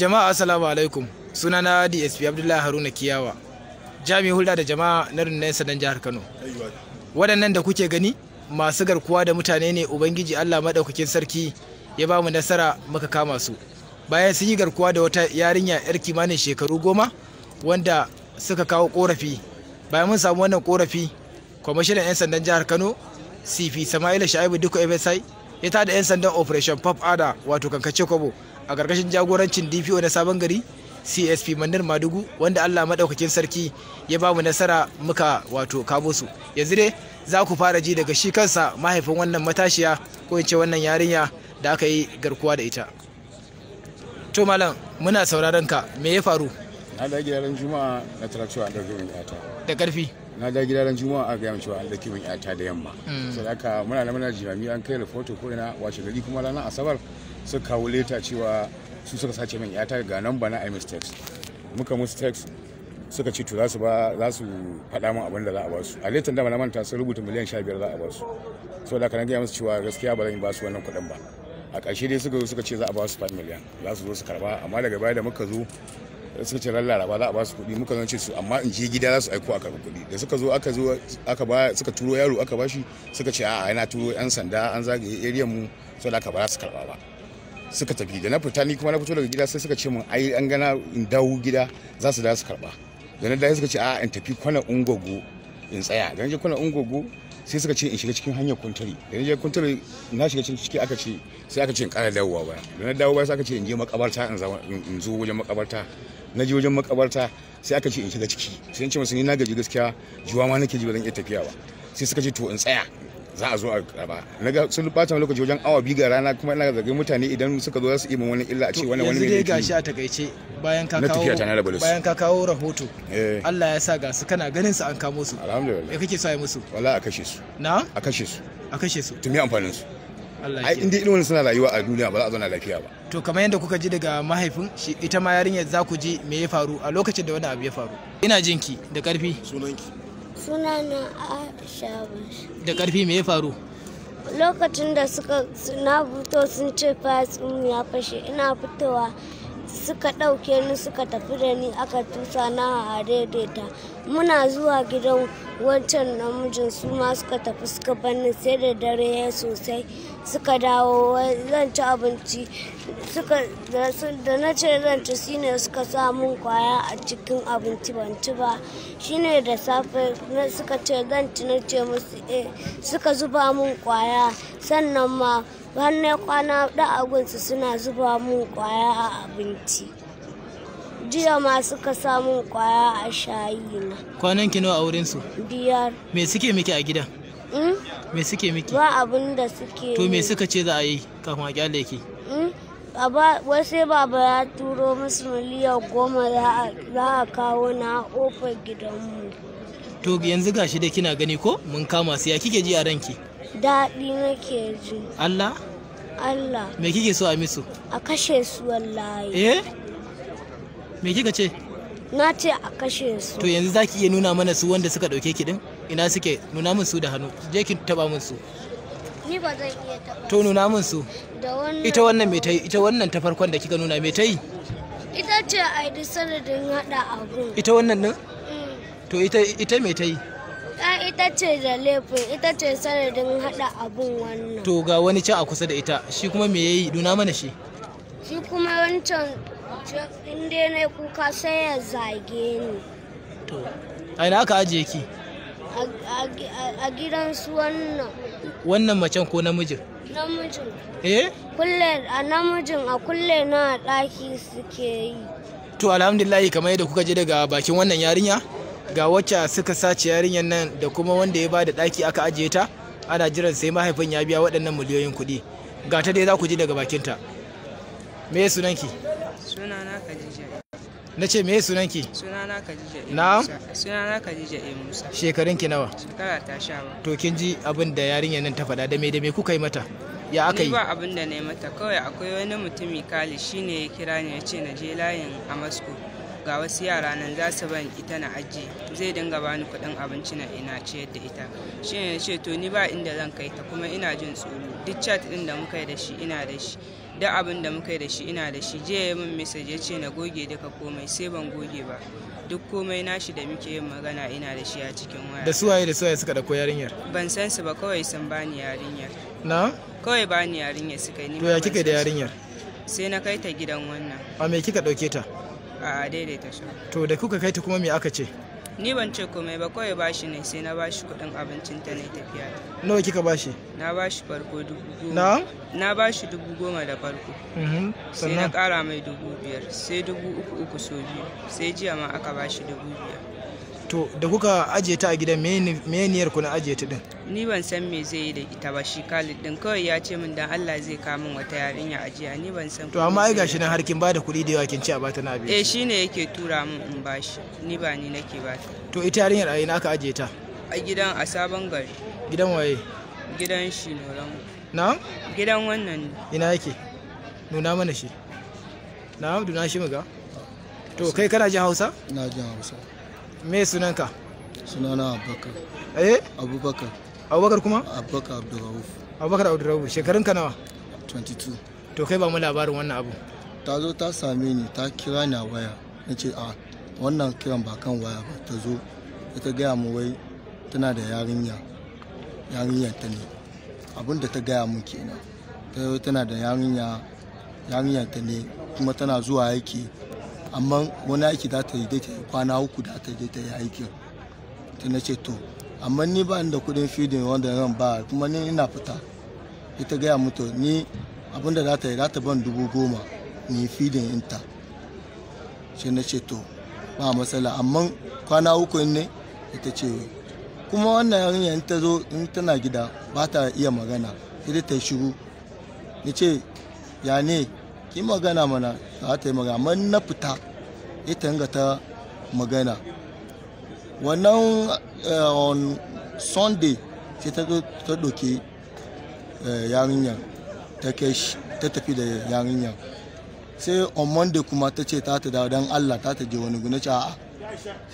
jama'a assalamu alaikum sunana dsp abdullahi haruna kiyawa jami'in hulɗa da jama'a na rundunar sadan jihar kano waɗannan da kuke gani masu garkuwa da mutane ne ubangiji allah maɗaukakin sarki ya ba mu nasara muka kama su bayan sun yi garkuwa da wata yarinya yar kimanin shekaru goma wanda suka kawo korafi bayan mun samu wannan korafi kwamishinan 'yan sandan jihar kano cp sama'ila sha'ibu duka fsi ya da 'yan sandan operation pop ada wato kankace kwabo a ƙarƙashin jagorancin dpo na sabon gari csp mandir madugu wanda allah maɗaukakin sarki ya ba mu nasara muka wato kamo su yanzu dai za ku fara ji daga shi kansa mahaifin wannan matashiya ko in ce wannan yarinya da aka yi garkuwa da ita to malam muna sauraron ka me ya faru na da gidan juma'a na tarakciwa an dauke min yata da karfi na da gidan juma'a a gaya cewa an dauke min yata da yamma mm. sai haka muna da muna jirami an kai rahoto ko ina wace gari kuma ranar asabar su kawo leta cewa su suka sace min yata ga nan bana ai mistakes muka musu text suka ce to za su ba za su faɗa min abin da za a ba su a letan da manta sun rubuta miliyan 15 za a ba su so da kana gaya musu cewa gaskiya ba zan ba su wannan kuɗin ba a ƙarshe dai suka zo suka ce za a ba su 5 miliyan za su zo su karba amma daga baya da muka zo suka ce ran laraba za a ba su kuɗi muka zance su amma in je gida za su aiko a karɓi kuɗi da suka zo aka zo aka ba suka turo yaro aka ba shi suka ce a'a yana turo yan sanda an zagaye area mu da aka ba su karba ba suka tafi da na fita ni kuma na fito daga gida sai suka ce mun ai an gana in dawo gida za su da su karba da na dawo suka ce a'a in tafi kwana ungogo in tsaya da je kwana ungogo sai suka ce in shiga cikin hanyar kuntari da na je kuntari na shiga cikin ciki aka ce sai aka ce in ƙara dawowa baya da na dawo baya sai aka ce in je makabarta in zo wajen makabarta na je wajen makabarta sai aka ce in shiga ciki sai in ce masu ni na gaji gaskiya jiwa ma nake ji ba zan iya tafiya ba sai suka ce to in tsaya za a zo a karba na ga sun bata lokaci wajen awa biyu ga rana kuma ina zargin mutane idan suka zo za su iya wani illa a ce wani wani ne gashi a takaice bayan ka kawo bayan ka kawo rahoto eh. Allah ya sa ga su kana ganin su an kamo su alhamdulillah kake so ai musu wala a kashe su na a kashe su a kashe su tumi amfanin su Allah ya inda irin suna rayuwa a duniya ba za a zauna lafiya ba to kamar yadda kuka ji daga mahaifin shi ita ma yarinyar za ku ji me ya faru a lokacin da wani abu ya faru ina jinki da karfi sunanki suna na aisha da karfi me ya faru lokacin da suka na fito sun ce fasin ya fashe ina fitowa suka ɗauke ni suka tafi da ni aka tusa na a daidaita muna zuwa gidan wancan namijin su ma suka tafi suka banni sai da dare ya sosai suka dawo zan ci abinci da na ce zan ci shine suka sa kwaya a cikin abinci ban ci ba shine da safe suka ce zan ci na ce musu eh, suka zuba mun kwaya sannan ma har kwana da agunsu suna zuba mun kwaya a abinci jiya ma suka samun kwaya a shayi na kwanan ki nawa a wurin su biyar me suke miki a gidan hmm? me suke miki ba abin da suke to me suka ce za a yi kafin a kyale ki hmm? wai sai baba ya turo musu miliyan goma za a kawo na ofar gidanmu to yanzu gashi da kina gani ko mun kama su ya kike ji a ranki daɗi nake ji Allah Allah me kike so a misu a kashe su wallahi eh me kika ce na ce a kashe su to yanzu zaki iya nuna mana su wanda suka dauke ki din ina suke nuna min su da hannu je ki taba min su ni ba zan iya taba to nuna min su da wannan ita wannan me ta yi ita wannan ta farkon da kika nuna me ta yi ita ce a yi sanadin hada abun ita wannan din mm. to ita ita me ta yi ita ce da laifin ita ce sanadin haɗa abun wannan to ga wani can a kusa da ita shi kuma me yayi duna mana shi shi kuma wancan in dai na kuka sai ya zage ni to a ina aka ajiye ki a gidan su wannan wannan macen ko namijin namijin eh kulle a namijin a kulle na ɗaki suke yi to alhamdulillah kamar yadda kuka je daga bakin wannan yarinya ga wacce suka sace yarinyar nan da kuma wanda ya bada daki aka ajiye ta ana jiran sai mahaifin ya biya waɗannan miliyoyin kuɗi ga ta dai za ku ji daga bakin ta. me sunanki sunana khadija na ce me sunanki sunana khadija na sunana khadija e musa ki nawa shekara ta sha ba to kin ji abin da yarinyar nan ta faɗa da me da me kuka yi mata ya aka yi ba abin da ne mata kawai akwai wani mutumi kali shine ya kira ni ya ce na je layin a moscow ga wasu yara nan za su ban ita na aji zai dinga bani kuɗin abinci na ina ciyar da ita shi ne ce to ni ba inda zan kai ta kuma ina jin tsoro duk chat ɗin da muka yi da shi ina da shi duk abin da muka yi da shi ina da shi je ya min message ya ce na goge duka komai sai ban goge ba duk komai nashi da muke yin magana ina da shi a cikin waya da suwaye da suwaye suka dauko yarinyar ban san su ba kawai sun bani yarinyar na kawai bani yarinyar suka yi Ni to ya kika da yarinyar sai na kai ta gidan wannan a me kika dauke ta a daidaita shi to da kuka kai ta kuma me aka ce ni ban ce komai ba kawai bashi ne sai na bashi kudin abincin ta ne tafiya ta nawa kika bashi na bashi farko dubu goma na na bashi dubu goma da farko mhm, sai na kara mai dubu biyar sai dubu uku uku so biyu sai jiya ma aka bashi dubu biyar to da kuka ajiye ta a gidan me ku na ajiye ta din ni ban san me zai yi da ita ba shi Khalid din kawai ya ce min dan Allah zai kawo min wata yarinya a jiya. ni ban san to amma ai gashi nan har kin ba da kuɗi da yawa kin ci a bata na abinci eh shine yake tura min in bashi ni ba ni nake ba to ita yarinyar a ina aka ajiye ta a gidan a sabon gari gidan waye gidan shi noran na gidan wannan ina yake nuna mana shi na duna shi muga to kai kana jin Hausa na jin Hausa me sunanka sunana abubakar eh abubakar abubakar kuma abubakar abdurrauf abubakar abdurrauf shekarun ka nawa 22 to kai ba mu labarin wannan abu ta zo ta same ni ta kira ni a waya na ce a ah, wannan kiran ba kan waya ba ta zo ta gaya mu wai tana da yarinya yarinyar ta ne abin da ta gaya mun kenan ta tana da yarinya yarinyar ta ne kuma tana zuwa aiki amma wani aiki za ta yi dai ta yi kwana uku da ta je ta yi aiki ta na ce to amma ni ba da kudin feeding wanda zan ba kuma ni ina fita ita gaya mutu ni abinda za ta yi za ta ban dubu goma ni fidin inta ce na ce to ba matsala amma kwana uku ne ita ce kuma wannan yarinya in ta zo in tana gida ba ta iya magana sai ta yi shiru ni ce ya ne ki magana mana za ta yi magana man na fita ita yanga ta magana wannan eh, on sunday sai ta doke eh, yarinyar ta kai ta tafi da yarinyar sai on monday kuma ta ce ta ta dawo don allah ta ta je wani gune a'a